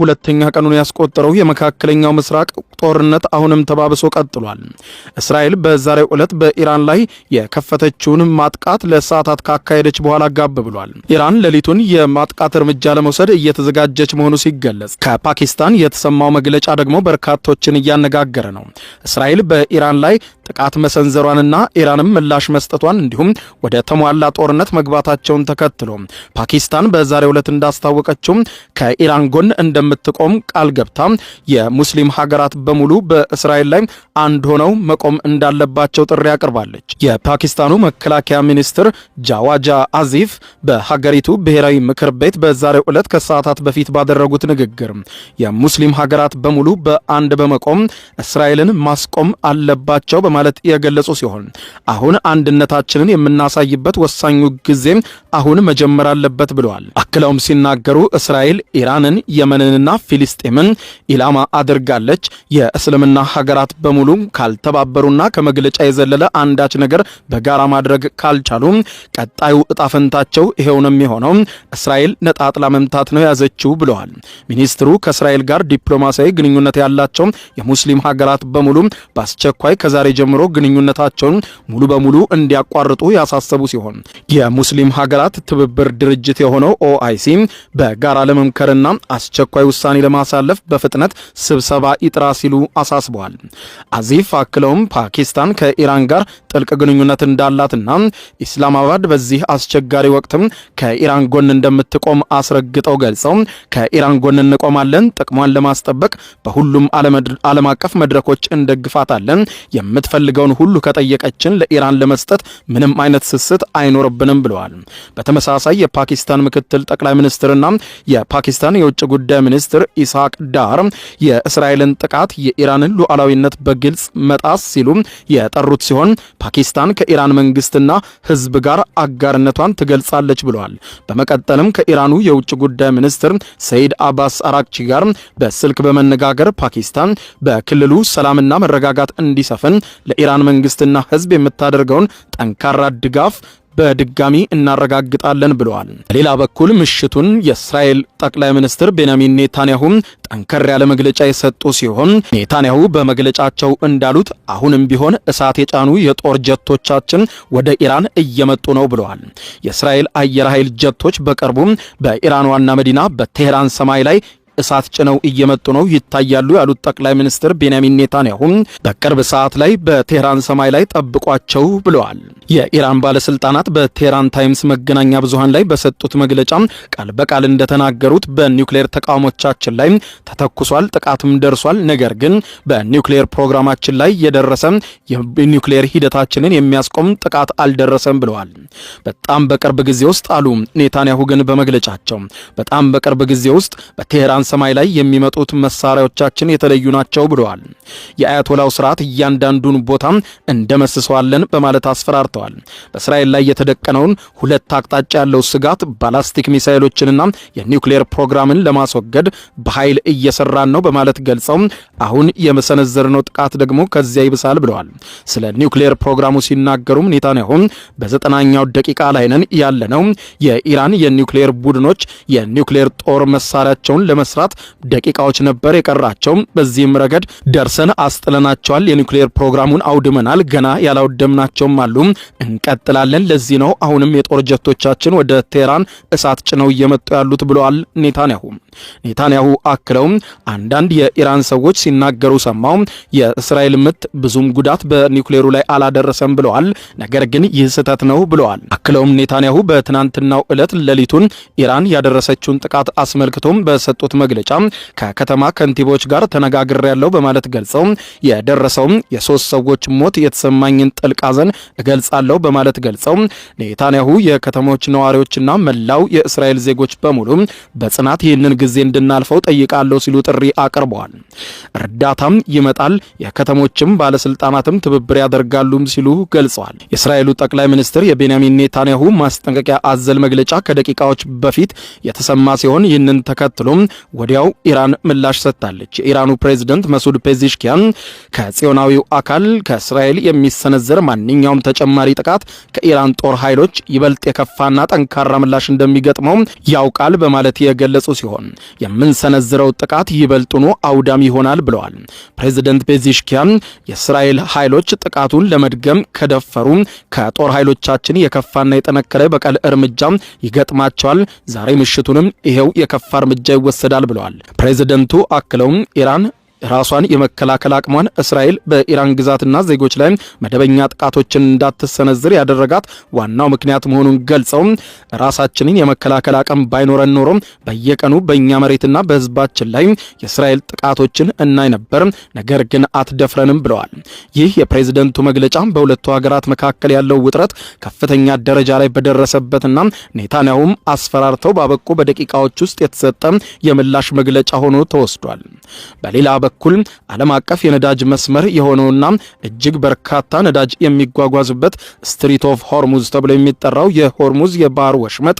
ሁለተኛ ቀኑን ያስቆጠረው የመካከለኛው ምስራቅ ጦርነት አሁንም ተባብሶ ቀጥሏል። እስራኤል በዛሬው ዕለት በኢራን ላይ የከፈተችውን ማጥቃት ለሰዓታት ካካሄደች በኋላ ጋብ ብሏል። ኢራን ሌሊቱን የማጥቃት እርምጃ ለመውሰድ እየተዘጋጀች መሆኑ ሲገለጽ፣ ከፓኪስታን የተሰማው መግለጫ ደግሞ በርካቶችን እያነጋገረ ነው። እስራኤል በኢራን ላይ ጥቃት መሰንዘሯንና ኢራንም ምላሽ መስጠቷን እንዲሁም ወደ ተሟላ ጦርነት መግባታቸውን ተከትሎ ፓኪስታን በዛሬው ዕለት እንዳስታወቀችው ከኢራን ጎን እንደምትቆም ቃል ገብታ የሙስሊም ሀገራት በሙሉ በእስራኤል ላይ አንድ ሆነው መቆም እንዳለባቸው ጥሪ አቅርባለች። የፓኪስታኑ መከላከያ ሚኒስትር ጃዋጃ አዚፍ በሀገሪቱ ብሔራዊ ምክር ቤት በዛሬው ዕለት ከሰዓታት በፊት ባደረጉት ንግግር የሙስሊም ሀገራት በሙሉ በአንድ በመቆም እስራኤልን ማስቆም አለባቸው በማ በማለት የገለጹ ሲሆን አሁን አንድነታችንን የምናሳይበት ወሳኙ ጊዜ አሁን መጀመር አለበት ብለዋል። አክለውም ሲናገሩ እስራኤል ኢራንን፣ የመንንና ፊሊስጤምን ኢላማ አድርጋለች። የእስልምና ሀገራት በሙሉ ካልተባበሩና ከመግለጫ የዘለለ አንዳች ነገር በጋራ ማድረግ ካልቻሉ ቀጣዩ እጣፈንታቸው ይሄው ነው የሚሆነው፣ እስራኤል ነጣጥላ መምታት ነው ያዘችው ብለዋል። ሚኒስትሩ ከእስራኤል ጋር ዲፕሎማሲያዊ ግንኙነት ያላቸው የሙስሊም ሀገራት በሙሉ በአስቸኳይ ከዛሬ ጀምሮ ግንኙነታቸውን ሙሉ በሙሉ እንዲያቋርጡ ያሳሰቡ ሲሆን የሙስሊም ሀገራት ትብብር ድርጅት የሆነው ኦአይሲ በጋራ ለመምከርና አስቸኳይ ውሳኔ ለማሳለፍ በፍጥነት ስብሰባ ይጥራ ሲሉ አሳስበዋል። አዚፍ አክለውም ፓኪስታን ከኢራን ጋር ጥልቅ ግንኙነት እንዳላትና ኢስላማባድ በዚህ አስቸጋሪ ወቅትም ከኢራን ጎን እንደምትቆም አስረግጠው ገልጸው ከኢራን ጎን እንቆማለን፣ ጥቅሟን ለማስጠበቅ በሁሉም ዓለም አቀፍ መድረኮች እንደግፋታለን፣ የምትፈልገውን ሁሉ ከጠየቀችን ለኢራን ለመስጠት ምንም አይነት ስስት አይኖርብንም ብለዋል። በተመሳሳይ የፓኪስታን ምክትል ጠቅላይ ሚኒስትርና የፓኪስታን የውጭ ጉዳይ ሚኒስትር ኢስሐቅ ዳር የእስራኤልን ጥቃት የኢራንን ሉዓላዊነት በግልጽ መጣስ ሲሉ የጠሩት ሲሆን ፓኪስታን ከኢራን መንግስትና ህዝብ ጋር አጋርነቷን ትገልጻለች ብለዋል። በመቀጠልም ከኢራኑ የውጭ ጉዳይ ሚኒስትር ሰይድ አባስ አራክቺ ጋር በስልክ በመነጋገር ፓኪስታን በክልሉ ሰላምና መረጋጋት እንዲሰፍን ለኢራን መንግስትና ህዝብ የምታደርገውን ጠንካራ ድጋፍ በድጋሚ እናረጋግጣለን ብለዋል። በሌላ በኩል ምሽቱን የእስራኤል ጠቅላይ ሚኒስትር ቤንያሚን ኔታንያሁም ጠንከር ያለ መግለጫ የሰጡ ሲሆን ኔታንያሁ በመግለጫቸው እንዳሉት አሁንም ቢሆን እሳት የጫኑ የጦር ጀቶቻችን ወደ ኢራን እየመጡ ነው ብለዋል። የእስራኤል አየር ኃይል ጀቶች በቅርቡም በኢራን ዋና መዲና በቴህራን ሰማይ ላይ እሳት ጭነው እየመጡ ነው ይታያሉ ያሉት ጠቅላይ ሚኒስትር ቤንያሚን ኔታንያሁም በቅርብ ሰዓት ላይ በቴህራን ሰማይ ላይ ጠብቋቸው ብለዋል። የኢራን ባለስልጣናት በቴህራን ታይምስ መገናኛ ብዙሃን ላይ በሰጡት መግለጫ ቃል በቃል እንደተናገሩት በኒውክሌር ተቋሞቻችን ላይ ተተኩሷል፣ ጥቃትም ደርሷል። ነገር ግን በኒውክሌር ፕሮግራማችን ላይ የደረሰ የኒውክሌር ሂደታችንን የሚያስቆም ጥቃት አልደረሰም ብለዋል። በጣም በቅርብ ጊዜ ውስጥ አሉ ኔታንያሁ ግን በመግለጫቸው በጣም በቅርብ ጊዜ ውስጥ በቴህራን ሰማይ ላይ የሚመጡት መሳሪያዎቻችን የተለዩ ናቸው ብለዋል። የአያቶላው ስርዓት እያንዳንዱን ቦታ እንደመስሰዋለን በማለት አስፈራርተዋል። በእስራኤል ላይ የተደቀነውን ሁለት አቅጣጫ ያለው ስጋት ባላስቲክ ሚሳይሎችንና የኒውክሌር ፕሮግራምን ለማስወገድ በኃይል እየሰራን ነው በማለት ገልጸው አሁን የመሰነዘርነው ጥቃት ደግሞ ከዚያ ይብሳል ብለዋል። ስለ ኒውክሌር ፕሮግራሙ ሲናገሩም ኔታንያሁ በዘጠናኛው ደቂቃ ላይ ነን ያለ የኢራን የኒውክሌር ቡድኖች የኒውክሌር ጦር መሳሪያቸውን ለመስራት ለመስራት ደቂቃዎች ነበር የቀራቸው። በዚህም ረገድ ደርሰን አስጥለናቸዋል። የኒውክሌር ፕሮግራሙን አውድመናል። ገና ያላወደምናቸውም አሉ። እንቀጥላለን። ለዚህ ነው አሁንም የጦር ጀቶቻችን ወደ ቴህራን እሳት ጭነው እየመጡ ያሉት ብለዋል ኔታንያሁም። ኔታንያሁ አክለውም አንዳንድ የኢራን ሰዎች ሲናገሩ ሰማው። የእስራኤል ምት ብዙም ጉዳት በኒውክሌሩ ላይ አላደረሰም ብለዋል። ነገር ግን ይህ ስህተት ነው ብለዋል። አክለውም ኔታንያሁ በትናንትናው ዕለት ሌሊቱን ኢራን ያደረሰችውን ጥቃት አስመልክቶም በሰጡት መግለጫ ከከተማ ከንቲቦች ጋር ያለው በማለት ገልጸው የደረሰውም የሶስት ሰዎች ሞት የተሰማኝን ጥልቅ ሐዘን እገልጻለሁ በማለት ገልጸው ኔታንያሁ የከተሞች ነዋሪዎችና መላው የእስራኤል ዜጎች በሙሉ በጽናት ይህንን ጊዜ እንድናልፈው ጠይቃለሁ ሲሉ ጥሪ አቅርበዋል። እርዳታም ይመጣል፣ የከተሞችም ባለስልጣናትም ትብብር ያደርጋሉም ሲሉ ገልጸዋል። የእስራኤሉ ጠቅላይ ሚኒስትር የቤንያሚን ኔታንያሁ ማስጠንቀቂያ አዘል መግለጫ ከደቂቃዎች በፊት የተሰማ ሲሆን ይህንን ተከትሎም ወዲያው ኢራን ምላሽ ሰጥታለች። የኢራኑ ፕሬዚደንት መሱድ ፔዚሽኪያን ከጽዮናዊው አካል ከእስራኤል የሚሰነዘር ማንኛውም ተጨማሪ ጥቃት ከኢራን ጦር ኃይሎች ይበልጥ የከፋና ጠንካራ ምላሽ እንደሚገጥመው ያውቃል በማለት የገለጹ ሲሆን የምንሰነዝረው ጥቃት ይበልጥኑ አውዳም ይሆናል ብለዋል። ፕሬዚደንት ቤዚሽኪያን የእስራኤል ኃይሎች ጥቃቱን ለመድገም ከደፈሩ ከጦር ኃይሎቻችን የከፋና የጠነከረ በቀል እርምጃ ይገጥማቸዋል፣ ዛሬ ምሽቱንም ይሄው የከፋ እርምጃ ይወሰዳል ብለዋል። ፕሬዚደንቱ አክለውም ኢራን ራሷን የመከላከል አቅሟን እስራኤል በኢራን ግዛትና ዜጎች ላይ መደበኛ ጥቃቶችን እንዳትሰነዝር ያደረጋት ዋናው ምክንያት መሆኑን ገልጸው ራሳችንን የመከላከል አቅም ባይኖረን ኖሮ በየቀኑ በእኛ መሬትና በሕዝባችን ላይ የእስራኤል ጥቃቶችን እናይ ነበር፣ ነገር ግን አትደፍረንም ብለዋል። ይህ የፕሬዝደንቱ መግለጫ በሁለቱ ሀገራት መካከል ያለው ውጥረት ከፍተኛ ደረጃ ላይ በደረሰበትና ኔታንያሁም አስፈራርተው ባበቁ በደቂቃዎች ውስጥ የተሰጠ የምላሽ መግለጫ ሆኖ ተወስዷል። በሌላ በኩል ዓለም አቀፍ የነዳጅ መስመር የሆነውና እጅግ በርካታ ነዳጅ የሚጓጓዝበት ስትሪት ኦፍ ሆርሙዝ ተብሎ የሚጠራው የሆርሙዝ የባህር ወሽመጥ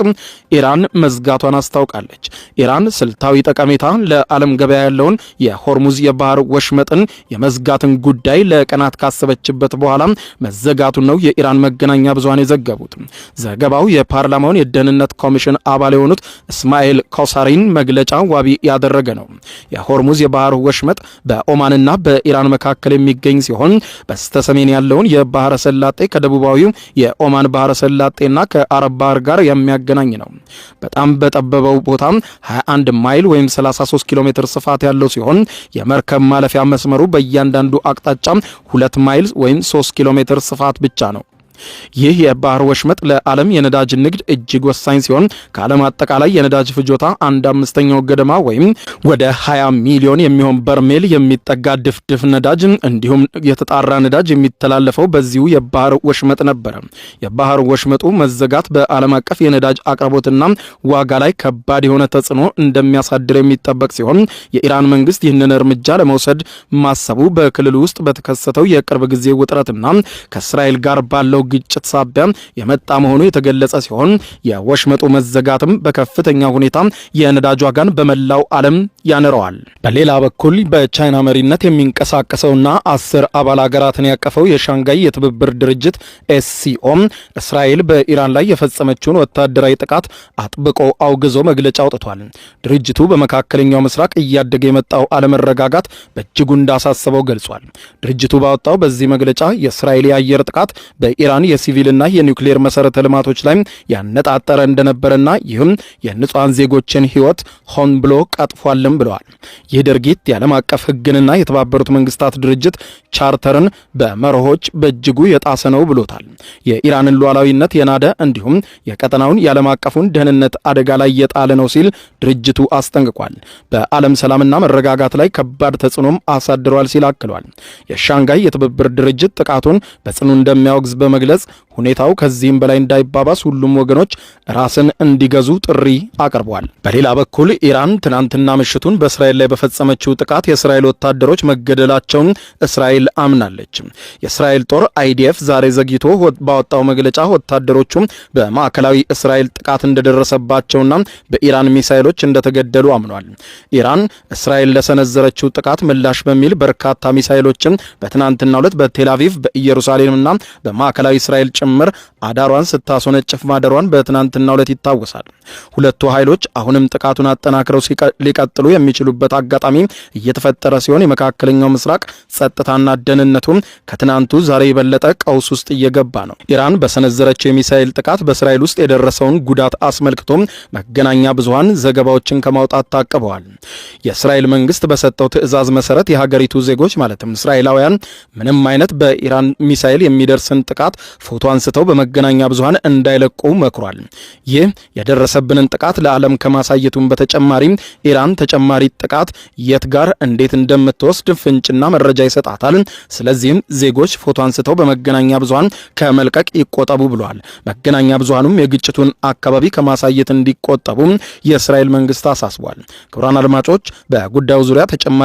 ኢራን መዝጋቷን አስታውቃለች። ኢራን ስልታዊ ጠቀሜታ ለዓለም ገበያ ያለውን የሆርሙዝ የባህር ወሽመጥን የመዝጋትን ጉዳይ ለቀናት ካሰበችበት በኋላ መዘጋቱን ነው የኢራን መገናኛ ብዙሃን የዘገቡት። ዘገባው የፓርላማውን የደህንነት ኮሚሽን አባል የሆኑት እስማኤል ኮሳሪን መግለጫ ዋቢ ያደረገ ነው። የሆርሙዝ የባህር ወሽመጥ ወደብ በኦማንና በኢራን መካከል የሚገኝ ሲሆን በስተ ሰሜን ያለውን የባህረ ሰላጤ ከደቡባዊው የኦማን ባህረ ሰላጤና ከአረብ ባህር ጋር የሚያገናኝ ነው። በጣም በጠበበው ቦታ 21 ማይል ወይም 33 ኪሎ ሜትር ስፋት ያለው ሲሆን የመርከብ ማለፊያ መስመሩ በእያንዳንዱ አቅጣጫ 2 ማይል ወይም 3 ኪሎ ሜትር ስፋት ብቻ ነው። ይህ የባህር ወሽመጥ ለዓለም የነዳጅ ንግድ እጅግ ወሳኝ ሲሆን ከዓለም አጠቃላይ የነዳጅ ፍጆታ አንድ አምስተኛው ገደማ ወይም ወደ 20 ሚሊዮን የሚሆን በርሜል የሚጠጋ ድፍድፍ ነዳጅ እንዲሁም የተጣራ ነዳጅ የሚተላለፈው በዚሁ የባህር ወሽመጥ ነበረ። የባህር ወሽመጡ መዘጋት በዓለም አቀፍ የነዳጅ አቅርቦትና ዋጋ ላይ ከባድ የሆነ ተጽዕኖ እንደሚያሳድር የሚጠበቅ ሲሆን የኢራን መንግስት ይህንን እርምጃ ለመውሰድ ማሰቡ በክልሉ ውስጥ በተከሰተው የቅርብ ጊዜ ውጥረትና ከእስራኤል ጋር ባለው ግጭት ሳቢያ የመጣ መሆኑ የተገለጸ ሲሆን የወሽመጡ መዘጋትም በከፍተኛ ሁኔታ የነዳጅ ዋጋን በመላው ዓለም ያንረዋል። በሌላ በኩል በቻይና መሪነት የሚንቀሳቀሰውና አስር አባል ሀገራትን ያቀፈው የሻንጋይ የትብብር ድርጅት ኤስሲኦ እስራኤል በኢራን ላይ የፈጸመችውን ወታደራዊ ጥቃት አጥብቆ አውግዞ መግለጫ አውጥቷል። ድርጅቱ በመካከለኛው ምስራቅ እያደገ የመጣው አለመረጋጋት በእጅጉ እንዳሳሰበው ገልጿል። ድርጅቱ ባወጣው በዚህ መግለጫ የእስራኤል የአየር ጥቃት በኢራን ኢራን የሲቪልና የኒውክሌር መሰረተ ልማቶች ላይ ያነጣጠረ እንደነበረና ይህም የንጹሐን ዜጎችን ህይወት ሆን ብሎ ቀጥፏልም ብለዋል። ይህ ድርጊት የዓለም አቀፍ ህግንና የተባበሩት መንግስታት ድርጅት ቻርተርን በመርሆች በእጅጉ የጣሰ ነው ብሎታል። የኢራንን ሉዓላዊነት የናደ እንዲሁም የቀጠናውን የዓለም አቀፉን ደህንነት አደጋ ላይ የጣለ ነው ሲል ድርጅቱ አስጠንቅቋል። በዓለም ሰላምና መረጋጋት ላይ ከባድ ተጽዕኖም አሳድሯል ሲል አክሏል። የሻንጋይ የትብብር ድርጅት ጥቃቱን በጽኑ እንደሚያወግዝ በመግለ Angeles ሁኔታው ከዚህም በላይ እንዳይባባስ ሁሉም ወገኖች ራስን እንዲገዙ ጥሪ አቅርቧል። በሌላ በኩል ኢራን ትናንትና ምሽቱን በእስራኤል ላይ በፈጸመችው ጥቃት የእስራኤል ወታደሮች መገደላቸውን እስራኤል አምናለች። የእስራኤል ጦር አይዲኤፍ ዛሬ ዘግይቶ ባወጣው መግለጫ ወታደሮቹ በማዕከላዊ እስራኤል ጥቃት እንደደረሰባቸውና በኢራን ሚሳይሎች እንደተገደሉ አምኗል። ኢራን እስራኤል ለሰነዘረችው ጥቃት ምላሽ በሚል በርካታ ሚሳይሎችን በትናንትናው ዕለት በቴል አቪቭ በኢየሩሳሌምና በማዕከላዊ እስራኤል ጭምር አዳሯን ስታስወነጭፍ ማደሯን በትናንትና ዕለት ይታወሳል። ሁለቱ ኃይሎች አሁንም ጥቃቱን አጠናክረው ሊቀጥሉ የሚችሉበት አጋጣሚ እየተፈጠረ ሲሆን የመካከለኛው ምስራቅ ጸጥታና ደህንነቱም ከትናንቱ ዛሬ የበለጠ ቀውስ ውስጥ እየገባ ነው። ኢራን በሰነዘረችው የሚሳኤል ጥቃት በእስራኤል ውስጥ የደረሰውን ጉዳት አስመልክቶ መገናኛ ብዙሃን ዘገባዎችን ከማውጣት ታቅበዋል። የእስራኤል መንግስት በሰጠው ትዕዛዝ መሰረት የሀገሪቱ ዜጎች ማለትም እስራኤላውያን ምንም አይነት በኢራን ሚሳኤል የሚደርስን ጥቃት ፎቶ አንስተው በመገናኛ ብዙሃን እንዳይለቁ መክሯል። ይህ የደረሰብንን ጥቃት ለዓለም ከማሳየቱን በተጨማሪም ኢራን ተጨማሪ ጥቃት የት ጋር እንዴት እንደምትወስድ ፍንጭና መረጃ ይሰጣታል። ስለዚህም ዜጎች ፎቶ አንስተው በመገናኛ ብዙሃን ከመልቀቅ ይቆጠቡ ብሏል። መገናኛ ብዙሃኑም የግጭቱን አካባቢ ከማሳየት እንዲቆጠቡ የእስራኤል መንግስት አሳስቧል። ክቡራን አድማጮች በጉዳዩ ዙሪያ ተጨማሪ